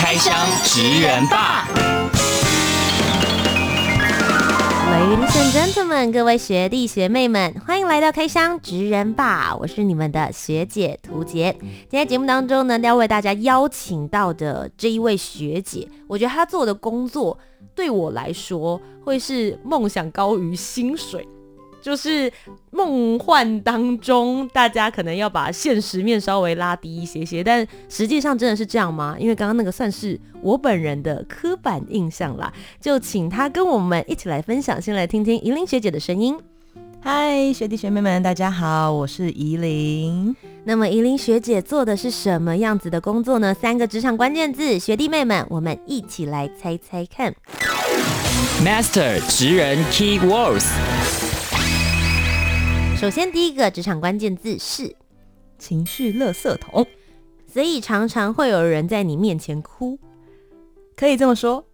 開箱職人 BAR，ladies and gentlemen、喂各位學弟學妹們，歡迎來到開箱職人 BAR，我是你們的學姐屠潔。今天節目當中呢，要為大家邀請到的這一位學姐，我覺得她做的工作對我來說，會是夢想高於薪水。就是夢幻當中，大家可能要把現實面稍微拉低一些些，但實際上真的是這樣嗎？因為剛剛那個算是我本人的刻板印象啦，就請他跟我們一起來分享，先來聽聽怡伶學姐的聲音。嗨，學弟學妹們，大家好，我是怡伶。那麼怡伶學姐做的是什麼樣子的工作呢？三個職場關鍵字，學弟妹們，我們一起來猜猜看。Master 職人 Keywords。首先，第一個職場關鍵字是情緒垃圾桶，所以常常會有人在你面前哭，可以這麼說，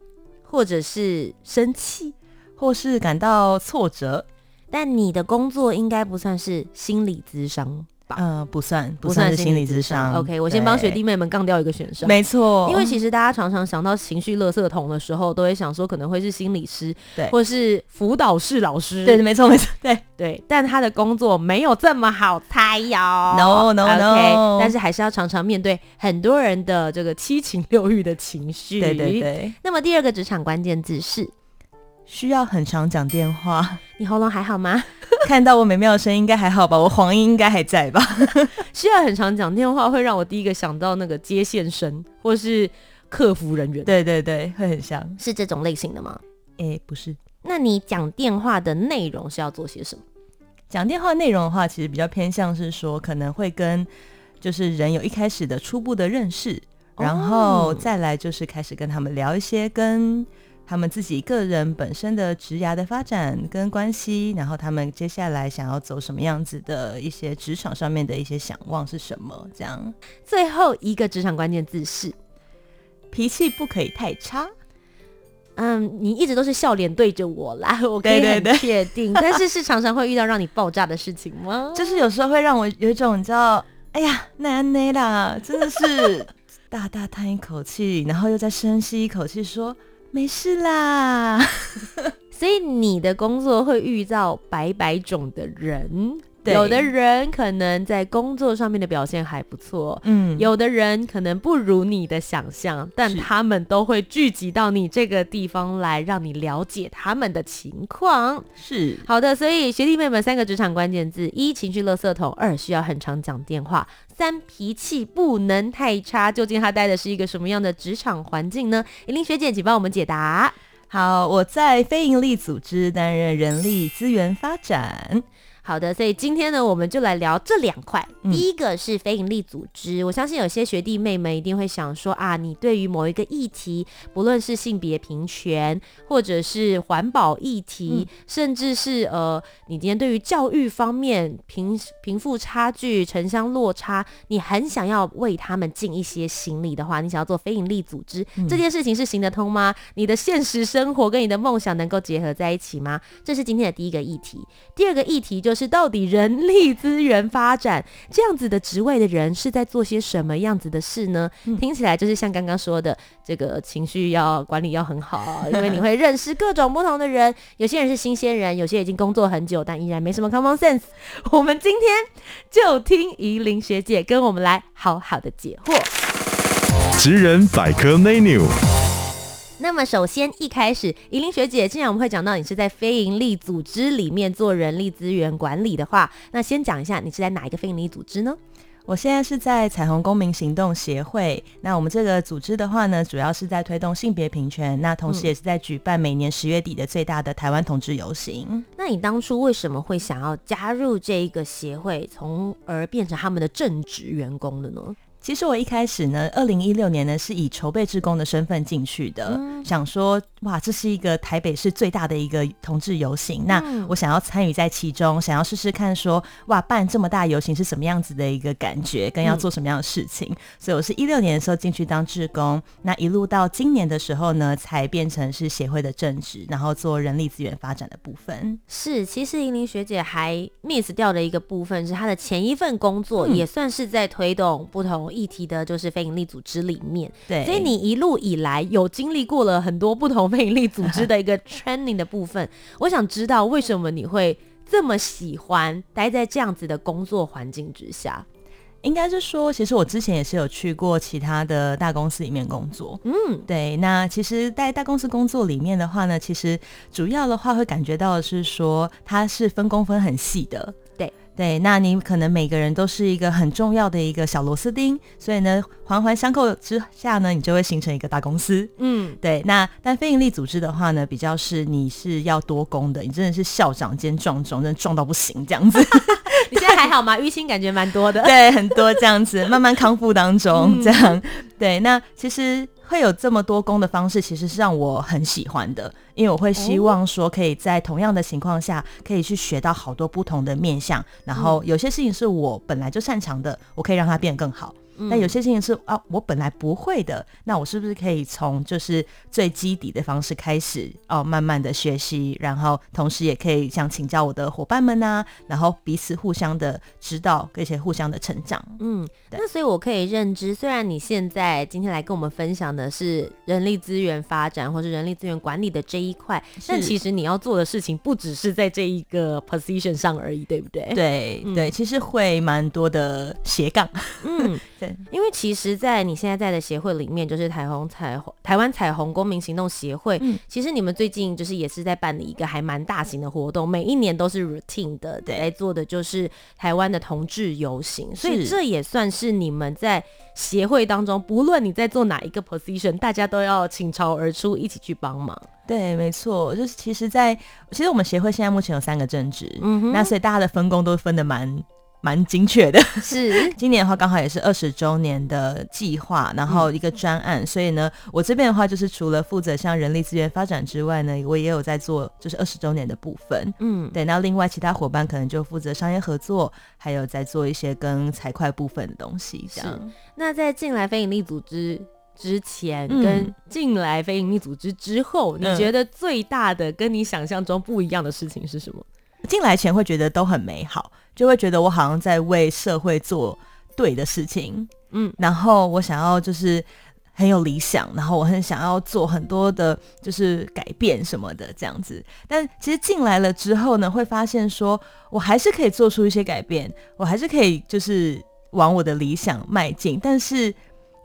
或者是生氣，或是感到挫折。但你的工作應該不算是心理諮商。嗯，不算，不算是心理諮商，商。OK，對我先幫學弟妹們槓掉一個選項。沒錯錯，因為其實大家常常想到情緒垃圾桶的時候，都會想說可能會是心理師，對，或是輔導室老師。對，沒錯，沒錯，對對。但他的工作沒有這麼好猜喲，No No No。Okay, 但是還是要常常面對很多人的這個七情六欲的情緒。對對對。那麼第二個職場關鍵字是。需要很常講電話，你喉嚨還好嗎？ 看到我美妙的聲音，應該還好吧？我黃音應該還在吧？ 需要很常講電話，會讓我第一個想到那個接線生或是客服人員。對對對，會很像，是這種類型的嗎？哎、欸，不是。那你講電話的內容是要做些什麼？講電話內容的話，其實比較偏向是說，可能會跟就是人有一開始的初步的認識，然後再來就是開始跟他們聊一些跟。他們自己個人本身的職涯的發展跟關係，然後他們接下來想要走什麼樣子的一些職場上面的一些嚮往是什麼？這樣，最後一個職場關鍵字是脾氣不可以太差。嗯，你一直都是笑臉對着我啦，我可以很確定。對對對 但是是常常會遇到讓你爆炸的事情嗎？就是有時候會讓我有一種叫哎呀奈奈啦，真的是 大大嘆一口氣，然後又再深吸一口氣說。沒事啦， 所以你的工作會遇到百百種的人，對有的人可能在工作上面的表現還不錯，嗯，有的人可能不如你的想象，是但他們都會聚集到你這個地方來，讓你了解他們的情況。是好的，所以學弟妹們三個職場關鍵字：一、情緒垃圾桶；二、需要很常講電話。三、脾氣不能太差，究竟他待的是一個什麼樣的職場環境呢？怡伶學姐，請幫我們解答。好，我在非營利組織擔任人力資源發展。好的，所以今天呢，我們就來聊這兩塊。第一個是非營利組織，嗯、我相信有些學弟妹妹們一定會想說啊，你對於某一個議題，不論是性別平權，或者是環保議題，嗯、甚至是呃，你今天對於教育方面、貧貧富差距、城鄉落差，你很想要為他們盡一些心力的話，你想要做非營利組織、嗯、這件事情是行得通嗎？你的現實生活跟你的夢想能夠結合在一起嗎？這是今天的第一個議題。第二個議題就是。是到底人力資源發展這樣子的職位的人是在做些什麼樣子的事呢？嗯，聽起來就是像剛剛說的，這個情緒要管理要很好，因為你會認識各種不同的人， 有些人是新鮮人，有些已經工作很久，但依然沒什麼 common sense。我們今天就聽怡伶學姐跟我們來好好的解惑。職人百科 menu。那麼，首先一開始，怡伶學姐，既然我們會講到你是在非營利組織裡面做人力資源管理的話，那先講一下你是在哪一個非營利組織呢？我現在是在彩虹公民行動協會。那我們這個組織的話呢，主要是在推動性別平權，那同時也是在舉辦每年十月底的最大的台灣同志遊行。嗯。那你當初為什麼會想要加入這一個協會，從而變成他們的正職員工的呢？其實我一開始呢，二零一六年呢是以籌備志工的身份進去的，嗯、想說哇，這是一個台北市最大的一個同志遊行，嗯、那我想要參與在其中，想要試試看說哇，辦這麼大遊行是什麼樣子的一個感覺，跟要做什麼樣的事情。嗯、所以我是一六年的時候進去當志工，那一路到今年的時候呢，才變成是協會的正職，然後做人力資源發展的部分。是，其實怡伶學姐還 miss 掉的一個部分是她的前一份工作，嗯、也算是在推動不同。議題的就是非營利組織裡面，對，所以你一路以來有經歷過了很多不同非營利組織的一個 training 的部分， 我想知道為什麼你會這麼喜歡待在這樣子的工作環境之下？應該是說，其實我之前也是有去過其他的大公司裡面工作，嗯，對，那其實，在大公司工作裡面的話呢，其實主要的話會感覺到的是說，它是分工分很細的。對，那你可能每個人都是一個很重要的一個小螺絲釘，所以呢，環環相扣之下呢，你就會形成一個大公司。嗯，對。那但非營利組織的話呢，比較是你是要多工的，你真的是校長兼撞鐘，真的撞到不行這樣子。你現在還好嗎？淤青感覺蠻多的。 對，很多這樣子，慢慢康復當中、嗯、這樣。對，那其實。會有這麼多工的方式，其實是讓我很喜歡的，因為我會希望說，可以在同樣的情況下，可以去學到好多不同的面向，然後有些事情是我本來就擅長的，我可以讓它變得更好。那有些事情是、嗯、啊，我本來不會的，那我是不是可以從就是最基底的方式開始哦、啊，慢慢的學習，然後同時也可以像請教我的伙伴們吶、啊，然後彼此互相的指導，而且互相的成長。嗯，對那所以我可以認知，雖然你現在今天來跟我們分享的是人力資源發展或是人力資源管理的這一塊，是但其實你要做的事情不只是在這一個 position 上而已，對不對？對、嗯、對，其實會蠻多的斜槓。嗯。 因為其實，在你現在在的協會裡面，就是台虹彩虹彩台灣彩虹公民行動協會。嗯，其實你們最近就是也是在辦理一個還蠻大型的活動，每一年都是 routine 的對，對做的，就是台灣的同志游行。所以這也算是你們在協會當中，是不論你在做哪一個 position，大家都要傾巢而出，一起去幫忙。對，沒錯，就是其實在，在其實我們協會現在目前有三個正職，嗯哼，那所以大家的分工都分得蠻。蠻精確的是是 今年的話剛好也是二十周年的計劃，然後一個專案，嗯、所以呢，我這邊的話就是除了負責像人力資源發展之外呢，我也有在做就是二十周年的部分，嗯，對。那另外其他伙伴可能就負責商業合作，還有在做一些跟財會部分的東西這樣。是。那在進來非營利組織之前，嗯、跟進來非營利組織之後，嗯、你覺得最大的跟你想象中不一樣的事情是什麼？進來前會覺得都很美好，就會覺得我好像在為社會做對的事情，嗯，然後我想要就是很有理想，然後我很想要做很多的，就是改變什麼的這樣子。但其實進來了之後呢，會發現說我還是可以做出一些改變，我還是可以就是往我的理想邁進，但是。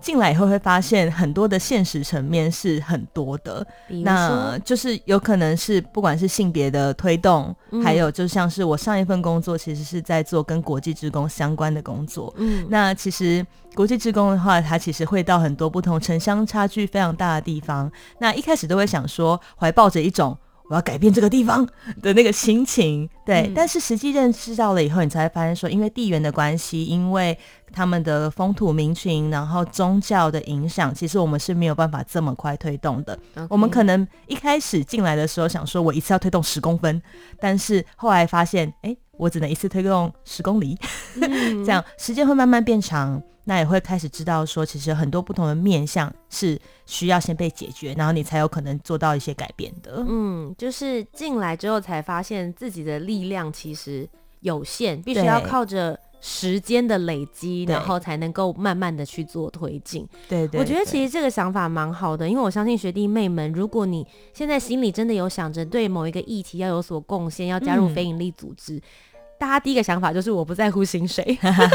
進來以後會發現很多的現實層面是很多的，那就是有可能是不管是性別的推動，嗯、還有就像是我上一份工作其實是在做跟國際志工相關的工作，嗯、那其實國際志工的話，它其實會到很多不同城鄉差距非常大的地方，那一開始都會想說懷抱着一種。我要改變這個地方的那個心情，對。嗯。但是實際認識到了以後，你才發現說，因為地緣的關係，因為他們的風土民情，然後宗教的影響，其實我們是沒有辦法這麼快推動的。Okay. 我們可能一開始進來的時候想說，我一次要推動十公分，但是後來發現，哎、欸。我只能一次推動十公里、嗯， 這樣時間會慢慢變長，那也會開始知道說，其實很多不同的面向是需要先被解決，然後你才有可能做到一些改變的。嗯，就是進來之後才發現自己的力量其實有限，必須要靠着時間的累積，對然後才能夠慢慢的去做推進。對，對，對，我覺得其實這個想法蠻好的，因為我相信學弟妹們，如果你現在心裡真的有想着對某一個議題要有所貢獻，要加入非營利組織。嗯大家第一個想法就是我不在乎薪水，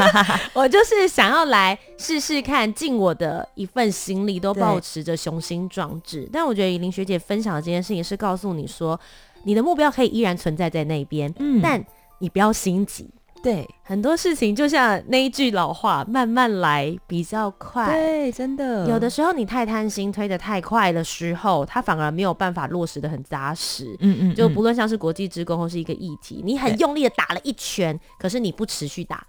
我就是想要來試試看，盡我的一份心力，都保持着雄心壯志。對但我覺得怡伶學姐分享的這件事情是告訴你說，你的目標可以依然存在在那邊，嗯、但你不要心急。對，很多事情就像那一句老話，慢慢來比較快。對，真的，有的時候你太貪心，推得太快的時候，它反而沒有辦法落實得很紮實。嗯嗯嗯，就不論像是國際志工或是一個議題，你很用力的打了一拳，對可是你不持續打。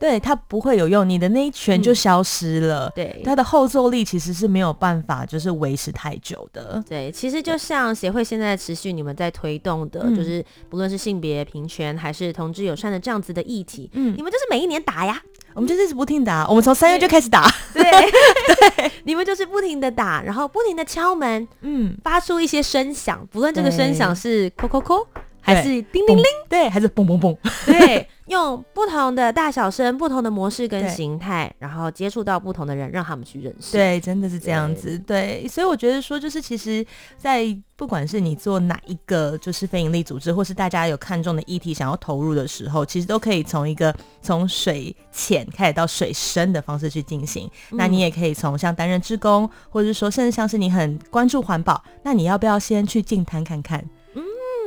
對，它不會有用，你的那一拳就消失了。嗯、對，它的後坐力其實是沒有辦法，就是維持太久的。對，其實就像協會現在持續你們在推動的，嗯、就是不論是性別平權還是同志友善的這樣子的議題，嗯，你們就是每一年打呀，我們就一直不停打，嗯、我們從三月就開始打，對對，你們就是不停的打，然後不停的敲門，嗯，發出一些聲響，不論這個聲響是扣扣扣對還是叮叮叮，對，還是嘣嘣嘣，對，用不同的大小聲、不同的模式跟形態， 對然後接觸到不同的人，讓他們去認識，對，真的是這樣子，對，對，所以我覺得說，就是其實在不管是你做哪一個，就是非營利組織，或是大家有看中的議題想要投入的時候，其實都可以從一個從水淺開始到水深的方式去進行。嗯、那你也可以從像擔任志工，或者是說甚至像是你很關注環保，那你要不要先去淨灘看看？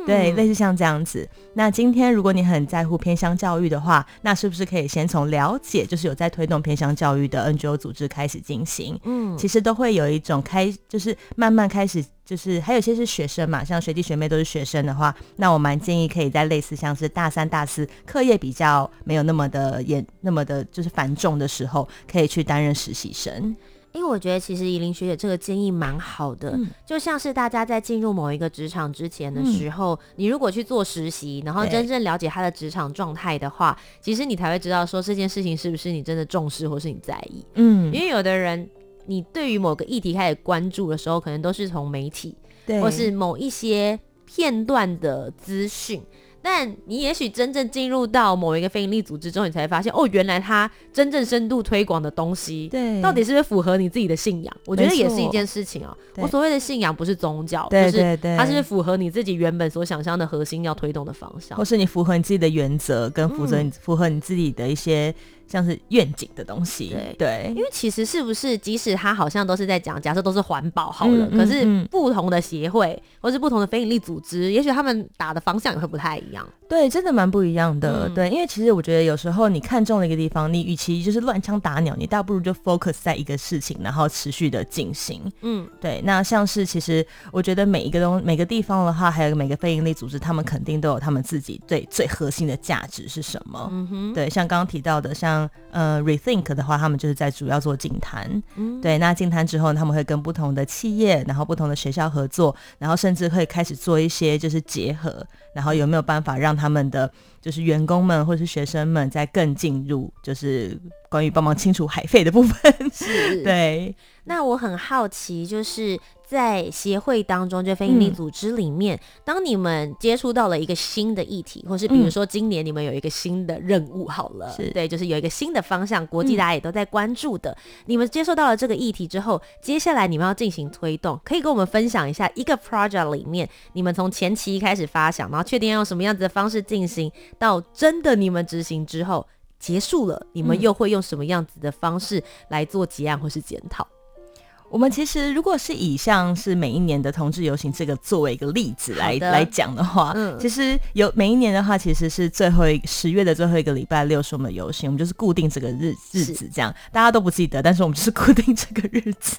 對，類似像這樣子。那今天如果你很在乎偏鄉教育的話，那是不是可以先從了解，就是有在推動偏鄉教育的 NGO 組織開始進行？嗯，其實都會有一種開，就是慢慢開始，就是還有一些是學生嘛，像學弟學妹都是學生的話，那我蠻建議可以在類似像是大三、大四課業比較沒有那麼的嚴、那麼的就是繁重的時候，可以去擔任實習生。因為、欸、我覺得其實怡伶學姐這個建議蠻好的，嗯、就像是大家在進入某一個職場之前的時候，嗯、你如果去做實習，然後真正了解他的職場狀態的話，對其實你才會知道說這件事情是不是你真的重視或是你在意。嗯，因為有的人，你對於某個議題開始關注的時候，可能都是從媒體對或是某一些片段的資訊。但你也許真正進入到某一個非營利組織之後，你才發現哦，原來他真正深度推廣的東西，對，到底是不是符合你自己的信仰？我覺得也是一件事情啊、喔。我所謂的信仰不是宗教，對，對，對，就是它是符合你自己原本所想象的核心要推動的方向，或是你符合你自己的原則，跟符合你符合你自己的一些、嗯。像是願景的東西，對，對，因為其實是不是，即使他好像都是在講，假設都是環保好了，欸、可是不同的協會或是不同的非營利組織，嗯、也許他們打的方向也會不太一樣。對，真的蠻不一樣的。嗯、對，因為其實我覺得有時候你看中了一個地方，你與其就是亂槍打鳥，你倒不如就 focus 在一個事情，然後持續的進行。嗯，對。那像是其實我覺得每一個東每個地方的話，還有每個非營利組織，他們肯定都有他們自己最最核心的價值是什麼。嗯哼。對，像剛剛提到的，像。呃、嗯、rethink 的話，他們就是在主要做淨灘，嗯、對。那淨灘之後，他們會跟不同的企業，然後不同的學校合作，然後甚至會開始做一些就是結合，然後有沒有辦法讓他們的就是員工們或是學生們再更進入，就是關於幫忙清除海廢的部分，是 對。那我很好奇，就是。在協會當中，就非營利組織裡面，嗯、當你們接觸到了一個新的議題，或是比如說今年你們有一個新的任務，好了，嗯、是對，就是有一個新的方向，國際大家也都在關注的。嗯、你們接受到了這個議題之後，接下來你們要進行推動，可以跟我們分享一下一個 project 裡面，你們從前期開始發想，然後確定要用什麼樣子的方式進行，到真的你們執行之後，結束了，你們又會用什麼樣子的方式來做結案或是檢討？嗯我們其實，如果是以像是每一年的同志遊行這個作為一個例子來的來講的話，嗯、其實有每一年的話，其實是最後一十月的最後一個禮拜六是我們遊行，我們就是固定這個日是日子這樣，大家都不記得，但是我們就是固定這個日子。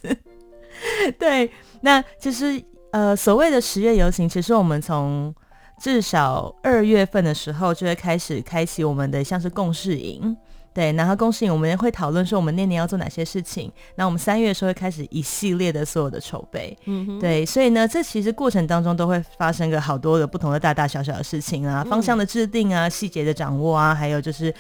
對，那其實呃，所謂的十月遊行，其實我們從至少二月份的時候就會開始開啟我們的像是共識營。對，然後公司裡我們會討論說我們那年要做哪些事情。那我們三月的時候會開始一系列的所有的籌備。嗯哼，對，所以呢，這其實過程當中都會發生個好多的不同的大大小小的事情啊，方向的制定啊，嗯、細節的掌握啊，還有就是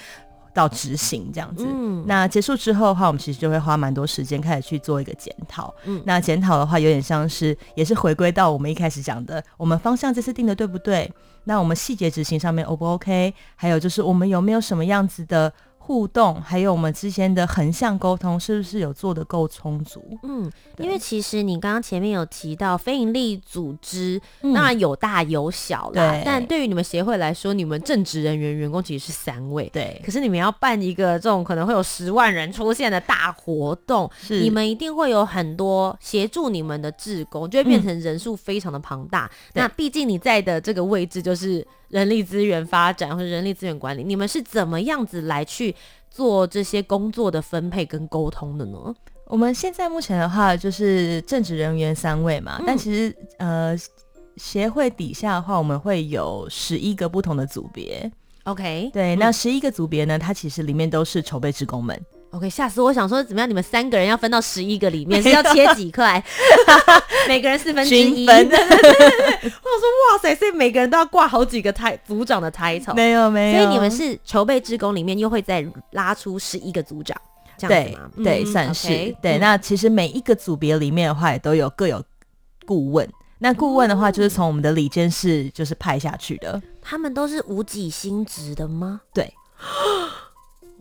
到執行這樣子。嗯，那結束之後的話，我們其實就會花蠻多時間開始去做一個檢討。嗯，那檢討的話有點像是也是回歸到我們一開始講的，我們方向這次定的對不對？那我們細節執行上面 O 不 OK？還有就是我們有沒有什麼樣子的？互動還有我們之間的橫向溝通，是不是有做得夠充足？嗯，對因為其實你剛剛前面有提到非營利組織，嗯、當然有大有小啦。對但對於你們協會來說，你們正職人員員工其實是三位。對。可是你們要辦一個這種可能會有十萬人出現的大活動，是你們一定會有很多協助你們的志工，就會變成人數非常的龐大。嗯、那畢竟你在的這個位置就是。人力資源發展或者人力資源管理，你們是怎麼樣子來去做這些工作的分配跟溝通的呢？我們現在目前的話就是正職人員三位嘛，嗯、但其實呃協會底下的話，我們會有十一個不同的組別。OK，對，嗯、那十一個組別呢，它其實裡面都是籌備職工們。OK，嚇死我！我想說怎麼樣？你們三個人要分到十一個裡面，有是要切幾塊？ 每個人四分之一。君分 我想說哇塞，所以每個人都要掛好幾個台組長的抬頭。沒有沒有。所以你們是籌備志工裡面，又會再拉出十一個組長這樣子對，對嗯、算是 okay，對。嗯、那其實每一個組別裡面的話，也都有各有顧問。嗯、那顧問的話，就是從我們的理監事就是派下去的。他們都是無給薪職的嗎？對。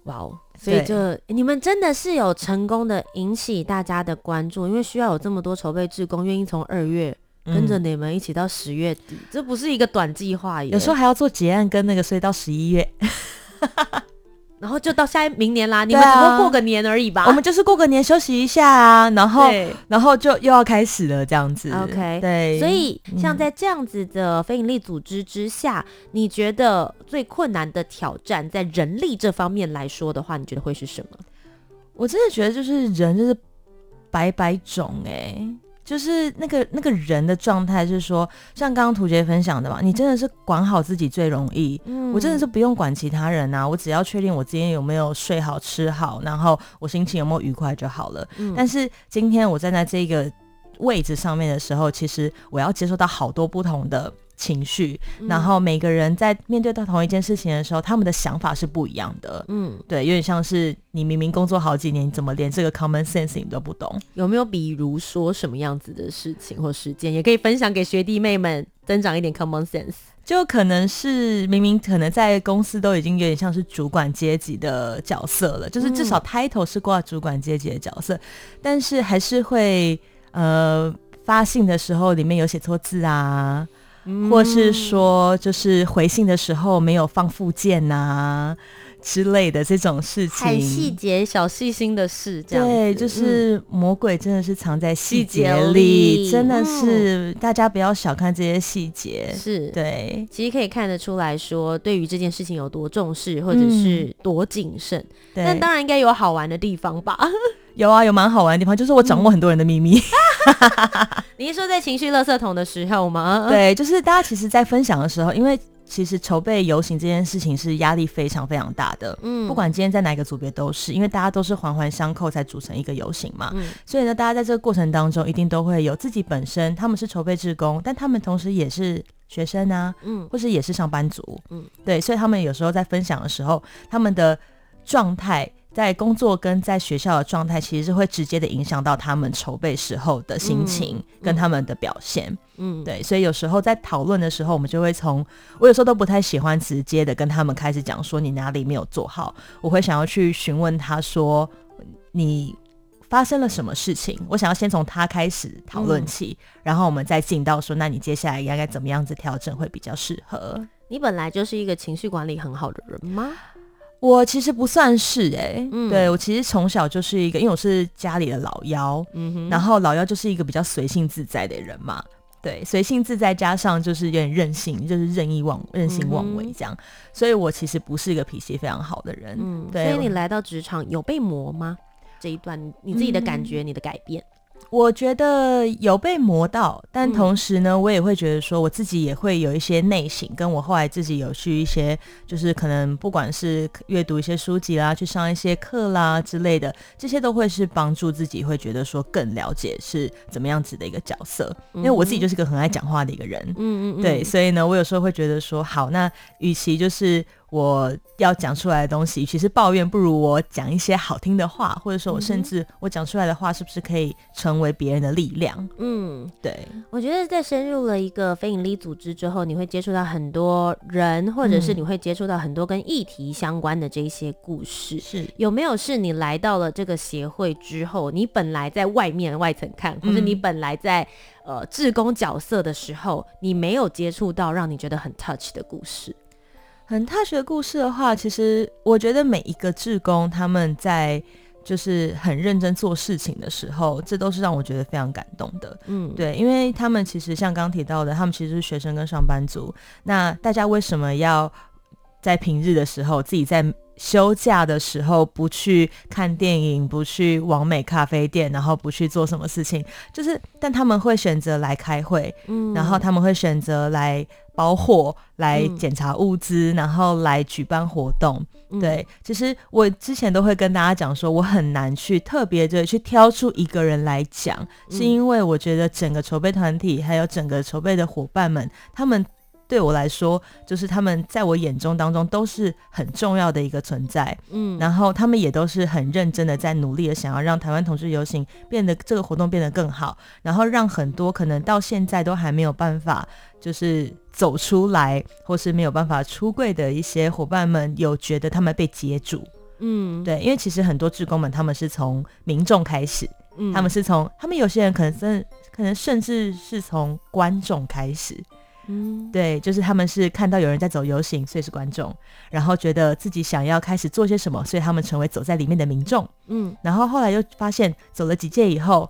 哇哦。所以就對你們真的是有成功的引起大家的關注，因為需要有這麼多籌備志工願意從二月跟着你們一起到十月底，嗯、這不是一個短計劃，有時候還要做結案跟那個，所以到十一月。 然後就到下一明年啦，你們只不過過個年而已吧、啊。我們就是過個年休息一下啊，然後對然後就又要開始了這樣子。OK，對。所以像在這樣子的非營利組織之下，嗯、你覺得最困難的挑戰在人力這方面來說的話，你覺得會是什麼？我真的覺得就是人就是百百種哎、欸。就是那個那個人的狀態，是說像剛剛屠潔分享的嘛，你真的是管好自己最容易。嗯、我真的是不用管其他人啊，我只要確定我今天有沒有睡好吃好，然後我心情有沒有愉快就好了。嗯、但是今天我站在這個位置上面的時候，其實我要接受到好多不同的。情緒，嗯、然後每個人在面對到同一件事情的時候，他們的想法是不一樣的。嗯，對，有點像是你明明工作好幾年，你怎麼連這個 common sense 你都不懂？有沒有比如說什麼樣子的事情或事件，也可以分享給學弟妹們，增長一點 common sense？就可能是明明可能在公司都已經有點像是主管階級的角色了，就是至少 title 是掛主管階級的角色，嗯、但是還是會呃發信的時候裡面有寫錯字啊。或是說，就是回信的時候沒有放附件吶。之類的這種事情，很細節小細心的事，這樣對，就是魔鬼真的是藏在細節裡，嗯、真的是、嗯、大家不要小看這些細節。是，對，其實可以看得出來說，對於這件事情有多重視，或者是多謹慎、嗯。對，那當然應該有好玩的地方吧？有啊，有蠻好玩的地方，就是我掌握很多人的祕密。嗯、 你是說在情緒垃圾桶的時候嗎？對，就是大家其實，在分享的時候，因為。其實籌備遊行這件事情是壓力非常非常大的，嗯，不管今天在哪個組別都是，因為大家都是環環相扣才組成一個遊行嘛，嗯，所以呢，大家在這個過程當中一定都會有自己本身，他們是籌備志工，但他們同時也是學生啊，嗯，或是也是上班族，嗯，對，所以他們有時候在分享的時候，他們的狀態。在工作跟在學校的狀態，其實是會直接的影響到他們籌備時候的心情跟他們的表現。嗯，嗯對，所以有時候在討論的時候，我們就會從我有時候都不太喜歡直接的跟他們開始講說你哪裡沒有做好，我會想要去詢問他說你發生了什麼事情。我想要先從他開始討論起，嗯，然後我們再進到說，那你接下來應該怎麼樣子調整會比較適合？你本來就是一個情緒管理很好的人嗎？我其實不算是哎、欸，嗯、對，我其實從小就是一個，因為我是家裡的老幺，嗯、哼然後老幺就是一個比較隨性自在的人嘛，對，隨性自在加上就是有點任性，就是任意妄任性妄為這樣，嗯、哼所以我其實不是一個脾氣非常好的人。嗯、對，所以你來到職場有被磨嗎？我這一段你自己的感覺，嗯、哼你的改變。我覺得有被磨到，但同時呢，我也會覺得說，我自己也會有一些內省，跟我後來自己有去一些，就是可能不管是閱讀一些書籍啦，去上一些課啦之類的，這些都會是幫助自己，會覺得說更了解是怎麼樣子的一個角色。因為我自己就是一個很愛講話的一個人，嗯嗯嗯，對，所以呢，我有時候會覺得說，好，那與其就是。我要講出來的東西，其實抱怨，不如我講一些好聽的話，或者說我甚至我講出來的話，是不是可以成為別人的力量？嗯，對。我覺得在深入了一個非營利組織之後，你會接觸到很多人，或者是你會接觸到很多跟議題相關的這一些故事。嗯、是有沒有是你來到了這個協會之後，你本來在外面外層看，或者你本來在、嗯、呃志工角色的時候，你沒有接觸到讓你覺得很 touch 的故事？嗯，他學故事的話，其實我覺得每一個志工他們在就是很認真做事情的時候，這都是讓我覺得非常感動的。嗯，對，因為他們其實像剛提到的，他們其實是學生跟上班族。那大家為什麼要在平日的時候自己在？休假的時候不去看電影，不去網美咖啡店，然後不去做什麼事情，就是，但他們會選擇來開會，嗯，然後他們會選擇來包貨、來檢查物資，嗯、然後來舉辦活動。對，其實我之前都會跟大家講說，我很難去特別的去挑出一個人來講，是因為我覺得整個籌備團體還有整個籌備的夥伴們，他們。對我來說，就是他們在我眼中當中都是很重要的一個存在，嗯，然後他們也都是很認真的在努力的，想要讓台灣同志遊行變得這個活動變得更好，然後讓很多可能到現在都還沒有辦法就是走出來，或是沒有辦法出櫃的一些夥伴們，有覺得他們被接住，嗯，對，因為其實很多志工們他們是從民眾開始，嗯，他們是從他們有些人可能甚可能甚至是從觀眾開始。嗯，對，就是他們是看到有人在走遊行，所以是觀眾，然後覺得自己想要開始做些什麼，所以他們成為走在裡面的民眾。嗯，然後後來又發現走了幾屆以後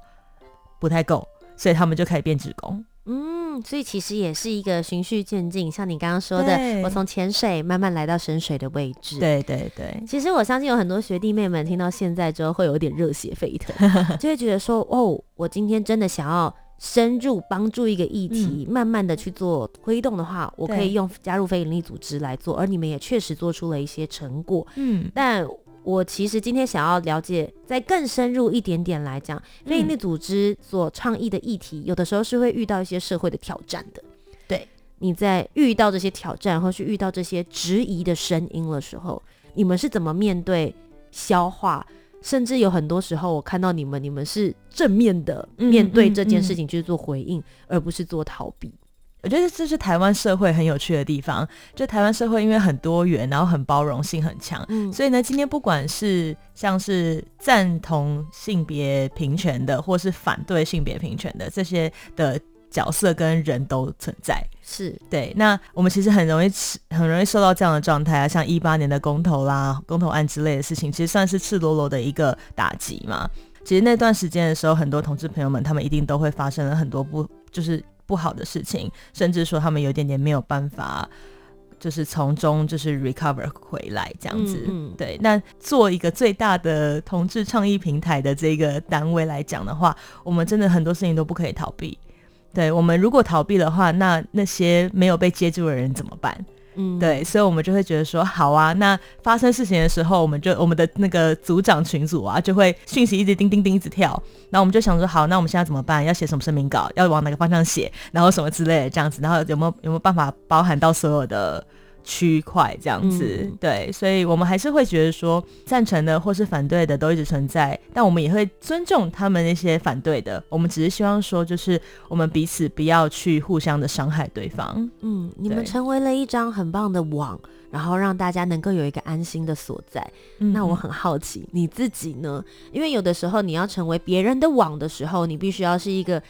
不太夠，所以他們就開始變職工。嗯，所以其實也是一個循序漸進，像你剛剛說的，對我從潛水慢慢來到深水的位置。對對對，其實我相信有很多學弟妹們聽到現在之後會有點熱血沸騰， 就會覺得說，哦，我今天真的想要。深入幫助一個議題，嗯、慢慢的去做推動的話，嗯、我可以用加入非營利組織來做，對而你們也確實做出了一些成果。嗯，但我其實今天想要了解，在更深入一點點來講，非營利組織所倡議的議題，嗯、有的時候是會遇到一些社會的挑戰的。對，你在遇到這些挑戰，或是遇到這些質疑的聲音的時候，你們是怎麼面對、消化？甚至有很多時候，我看到你們，你們是正面的面對這件事情去做回應，嗯嗯嗯、而不是做逃避。我覺得這是台灣社會很有趣的地方。就台灣社會因為很多元，然後很包容性很強，嗯、所以呢，今天不管是像是贊同性別平權的，或是反對性別平權的這些的角色跟人都存在。是對，那我們其實很容易很容易受到這樣的狀態啊，像一八年的公投啦、公投案之類的事情，其實算是赤裸裸的一個打擊嘛。其實那段時間的時候，很多同志朋友們，他們一定都會發生了很多不就是不好的事情，甚至說他們有點點沒有辦法，就是從中就是 recover 回來這樣子。嗯嗯對，那做一個最大的同志倡議平台的這個單位來講的話，我們真的很多事情都不可以逃避。對，我們如果逃避的話，那那些沒有被接住的人怎麼辦？嗯，對，所以我們就會覺得說，好啊，那發生事情的時候，我們就我們的那個組長群組啊，就會訊息一直叮叮叮一直跳，然後我們就想說，好，那我們現在怎麼辦？要寫什麼聲明稿？要往哪個方向寫？然後什麼之類的這樣子，然後有沒有有沒有辦法包含到所有的區塊這樣子，嗯、對，所以我們還是會覺得說贊成的或是反對的都一直存在，但我們也會尊重他們那些反對的，我們只是希望說，就是我們彼此不要去互相的傷害對方。嗯，嗯，對。你們成為了一張很棒的網，然後讓大家能夠有一個安心的所在。嗯，那我很好奇你自己呢，因為有的時候你要成為別人的網的時候，你必須要是一個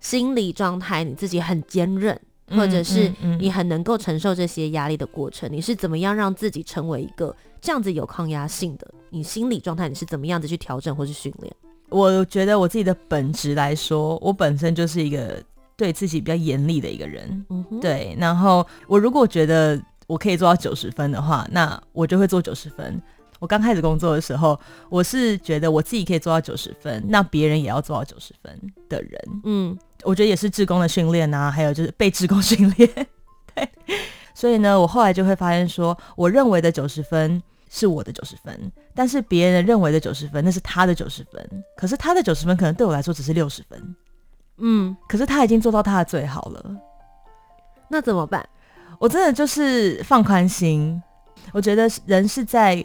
心理狀態，你自己很堅韌。或者是你很能夠承受這些壓力的過程，嗯嗯嗯、你是怎麼樣讓自己成為一個這樣子有抗壓性的？你心理狀態，你是怎麼樣子去調整或是訓練？我覺得我自己的本質來說，我本身就是一個對自己比較嚴厲的一個人。嗯、哼對，然後我如果覺得我可以做到九十分的話，那我就會做九十分。我剛開始工作的時候，我是覺得我自己可以做到九十分，那別人也要做到九十分的人。嗯。我覺得也是志工的訓練啊，還有就是被志工訓練，對。所以呢，我後來就會發現說，我認為的九十分是我的九十分，但是別人認為的九十分，那是他的九十分。可是他的九十分可能對我來說只是六十分，嗯。可是他已經做到他的最好了，那怎麼辦？我真的就是放寬心。我覺得人是在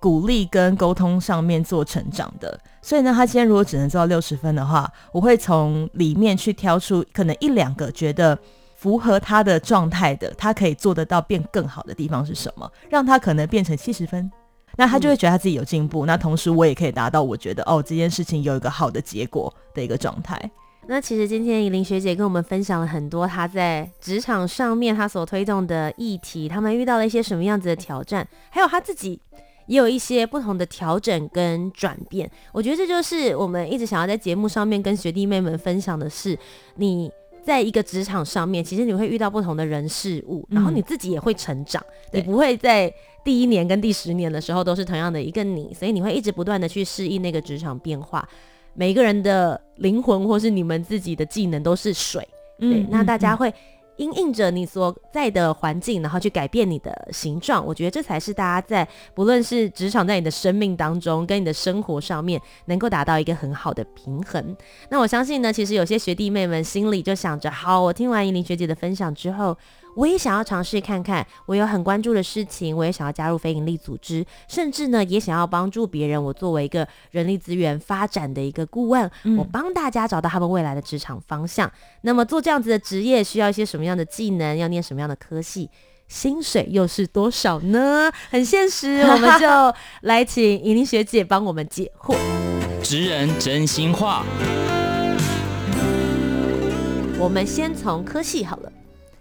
鼓勵跟溝通上面做成長的。所以呢，他今天如果只能做到六十分的話，我會從裡面去挑出可能一兩個覺得符合他的狀態的，他可以做得到變更好的地方是什麼，讓他可能變成七十分，那他就會覺得他自己有進步。嗯、那同時我也可以達到我覺得哦這件事情有一個好的結果的一個狀態。那其實今天怡伶學姐跟我們分享了很多他在職場上面他所推動的議題，他們遇到了一些什麼樣子的挑戰，還有他自己。也有一些不同的調整跟轉變，我覺得這就是我們一直想要在節目上面跟學弟妹們分享的是，你在一個職場上面，其實你會遇到不同的人事物，然後你自己也會成長，嗯、你不會在第一年跟第十年的時候都是同樣的一個你，所以你會一直不斷的去適應那個職場變化。每一個人的靈魂或是你們自己的技能都是水，嗯對，那大家會。因應着你所在的環境，然後去改變你的形狀，我覺得這才是大家在不論是職場，在你的生命當中，跟你的生活上面能夠達到一個很好的平衡。那我相信呢，其實有些學弟妹們心裡就想着，好，我聽完怡伶學姐的分享之後。我也想要嘗試看看，我有很關注的事情，我也想要加入非營利組織，甚至呢也想要幫助別人。我作為一個人力資源發展的一個顧問，嗯、我幫大家找到他們未來的職場方向。那麼做這樣子的職業需要一些什麼樣的技能？要念什麼樣的科系？薪水又是多少呢？很現實， 我們就來請怡伶學姐幫我們解惑。職人真心話，我們先從科系好了。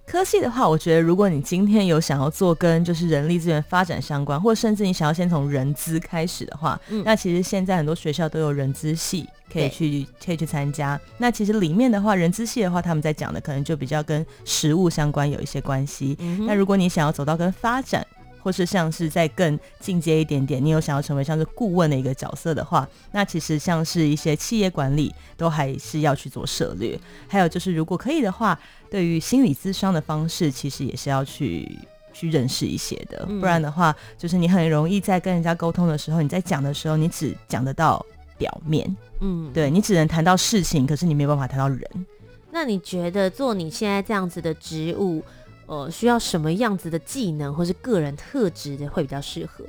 科系的話，我覺得如果你今天有想要做跟就是人力資源發展相關，或甚至你想要先從人資開始的話，嗯、那其實現在很多學校都有人資系可以去對可以去參加。那其實裡面的話，人資系的話，他們在講的可能就比較跟實務相關有一些關係。嗯、哼那如果你想要走到跟發展。或是像是再更進階一點點，你有想要成為像是顧問的一個角色的話，那其實像是一些企業管理都還是要去做策略。還有就是，如果可以的話，對於心理諮商的方式，其實也是要去去認識一些的。嗯，不然的話，就是你很容易在跟人家溝通的時候，你在講的時候，你只講得到表面。嗯對，對你只能談到事情，可是你沒有辦法談到人。那你覺得做你現在這樣子的職務，呃，需要什麼樣子的技能或是個人特質的會比較適合？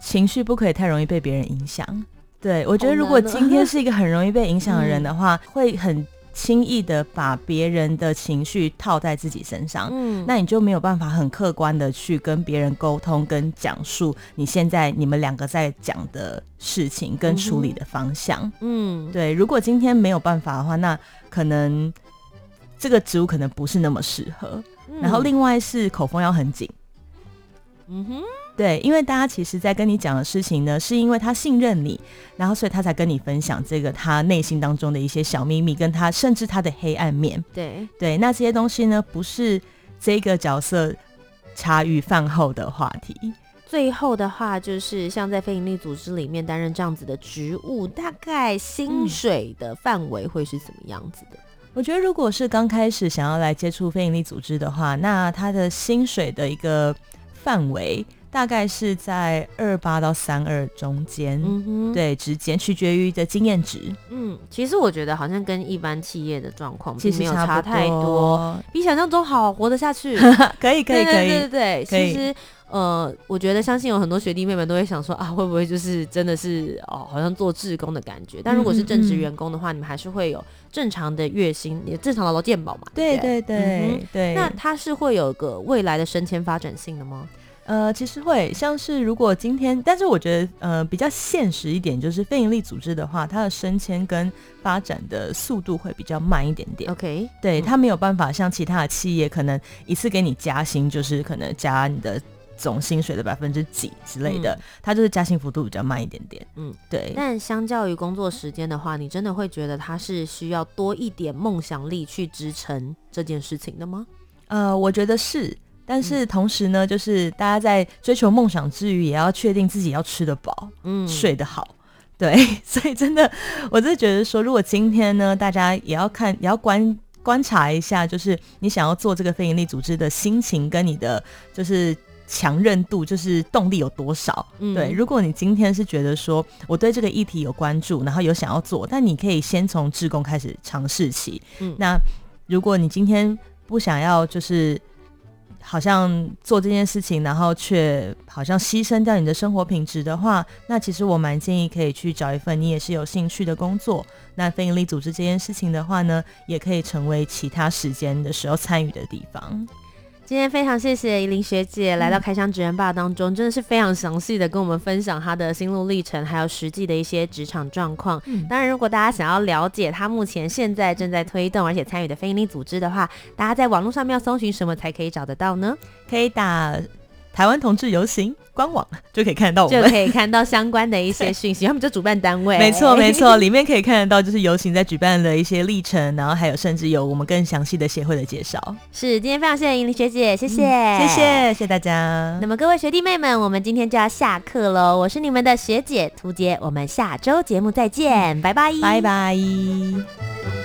情緒不可以太容易被別人影響。對，我覺得如果今天是一個很容易被影響的人的話，哦、會很輕易的把別人的情緒套在自己身上。嗯，那你就沒有辦法很客觀的去跟別人溝通跟講述你現在你們兩個在講的事情跟處理的方向。嗯，嗯，對，如果今天沒有辦法的話，那可能這個職務可能不是那麼適合。然後另外是口風要很緊，嗯哼，對，因為大家其實在跟你講的事情呢，是因為他信任你，然後所以他才跟你分享這個他內心當中的一些小秘密，跟他甚至他的黑暗面。對對，那這些東西呢，不是這個角色茶餘飯後的話題。最後的話，就是像在非營利組織裡面擔任這樣子的職務，大概薪水的範圍會是怎麼樣子的？嗯我覺得，如果是剛開始想要來接觸非營利組織的話，那他的薪水的一個範圍。大概是在二八到三二中間，嗯、哼對之間，直接取決於的經驗值。嗯，其實我覺得好像跟一般企業的狀況其實沒有差太多，多比想象中好，活得下去。 可以可以可以，可以對，對，對對對，以其實呃，我覺得相信有很多學弟妹們都會想說啊，會不會就是真的是哦，好像做志工的感覺？但如果是正職員工的話，嗯、哼你們還是會有正常的月薪，也正常的勞健保嘛。對對對對、嗯哼，對那它是會有個未來的升遷發展性的嗎？呃，其實會像是如果今天，但是我覺得，呃，比較現實一點就是非營利組織的話，它的升遷跟發展的速度會比較慢一點點。OK，對，嗯、它沒有辦法像其他的企業，可能一次給你加薪就是可能加你的總薪水的百分之幾之類的，嗯、它就是加薪幅度比較慢一點點。嗯，對。但相較於工作時間的話，你真的會覺得它是需要多一點夢想力去支撐這件事情的嗎？呃，我覺得是。但是同時呢，嗯、就是大家在追求夢想之餘，也要確定自己要吃得飽，嗯，睡得好，對。所以真的，我就覺得說，如果今天呢，大家也要看，也要觀觀察一下，就是你想要做這個非營利組織的心情跟你的就是強韌度，就是動力有多少，嗯、對。如果你今天是覺得說我對這個議題有關注，然後有想要做，但你可以先從志工開始嘗試起。嗯，那如果你今天不想要，就是。好像做這件事情，然後卻好像犧牲掉你的生活品質的話，那其實我蠻建議可以去找一份你也是有興趣的工作。那非營利組織這件事情的話呢，也可以成為其他時間的時候參與的地方。今天非常謝謝怡伶學姐來到《開箱職人 BAR》當中，真的是非常詳細的跟我們分享她的心路歷程，還有實際的一些職場狀況。當然，如果大家想要了解她目前現在正在推動而且參與的非營利組織的話，大家在網絡上面要搜尋什麼才可以找得到呢？可以打。台灣同志遊行官網就可以看到我們就可以看到相關的一些訊息。 對 他們就主辦單位沒錯，沒錯沒錯，裡面可以看得到就是遊行在舉辦的一些歷程，然後還有甚至有我們更詳細的協會的介紹。是，今天非常謝謝怡伶學姐，謝謝、嗯、謝謝謝謝大家。那麼各位學弟妹們，我們今天就要下課嘍。我是你們的學姐屠潔，我們下周節目再見，拜拜拜拜。Bye bye bye bye